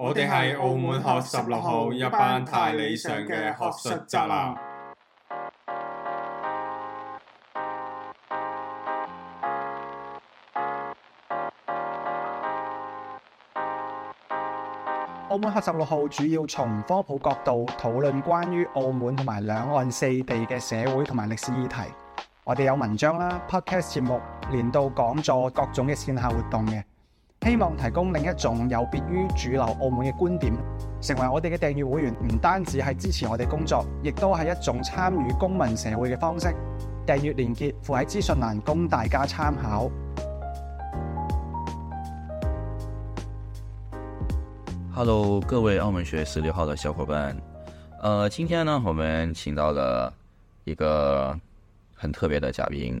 我哋係澳門學十六號一班太理想嘅學術宅男。澳門學十六號主要從科普角度討論關於澳門同埋兩岸四地嘅社會同埋歷史議題。我哋有文章啦、podcast 節目、年度講座、各種嘅線下活動嘅。希望提供另一種有別於主流澳門嘅觀點，成為我哋嘅訂閱會員，唔單止係支持我哋工作，亦都係一種參與公民社會嘅方式。訂閱連結附喺資訊欄，供大家參考。Hello，各位澳門學十六號嘅小伙伴，誒、uh，今天呢，我們請到了一個很特別的嘉賓。